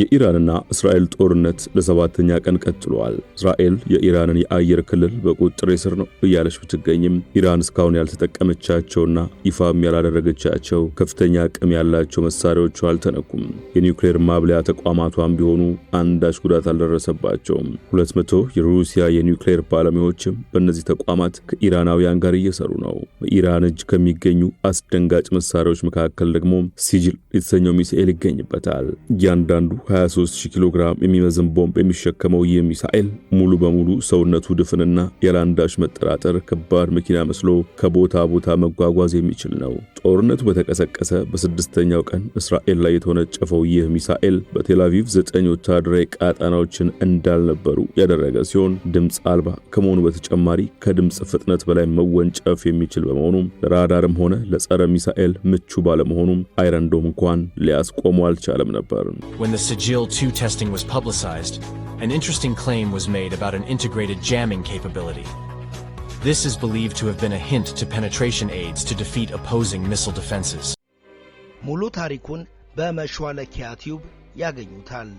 የኢራንና እስራኤል ጦርነት ለሰባተኛ ቀን ቀጥሏል። እስራኤል የኢራንን የአየር ክልል በቁጥጥር ስር ነው እያለች ብትገኝም ኢራን እስካሁን ያልተጠቀመቻቸውና ይፋም ያላደረገቻቸው ከፍተኛ አቅም ያላቸው መሳሪያዎቹ አልተነኩም። የኒውክሌር ማብለያ ተቋማቷም ቢሆኑ አንዳች ጉዳት አልደረሰባቸውም። 200 የሩሲያ የኒውክሌር ባለሙያዎችም በእነዚህ ተቋማት ከኢራናውያን ጋር እየሰሩ ነው። በኢራን እጅ ከሚገኙ አስደንጋጭ መሳሪያዎች መካከል ደግሞ ሲጅል የተሰኘው ሚሳኤል ይገኝበታል። እያንዳንዱ 23 ኪሎ ግራም የሚመዝን ቦምብ የሚሸከመው ይህ ሚሳኤል ሙሉ በሙሉ ሰውነቱ ድፍንና ያለአንዳች መጠራጠር ከባድ መኪና መስሎ ከቦታ ቦታ መጓጓዝ የሚችል ነው። ጦርነት በተቀሰቀሰ በስድስተኛው ቀን እስራኤል ላይ የተወነጨፈው ይህ ሚሳኤል በቴላቪቭ ዘጠኝ ወታደራዊ ቃጣናዎችን እንዳልነበሩ ያደረገ ሲሆን ድምፅ አልባ ከመሆኑ በተጨማሪ ከድምፅ ፍጥነት በላይ መወንጨፍ የሚችል በመሆኑም ለራዳርም ሆነ ለጸረ ሚሳኤል ምቹ ባለመሆኑም አይረንዶም እንኳን ሊያስቆሙ አልቻለም ነበር። An interesting claim was made about an integrated jamming capability. This is believed to have been a hint to penetration aids to defeat opposing missile defenses. ሙሉ ታሪኩን በመሿለኪያ ቲዩብ ያገኙታል።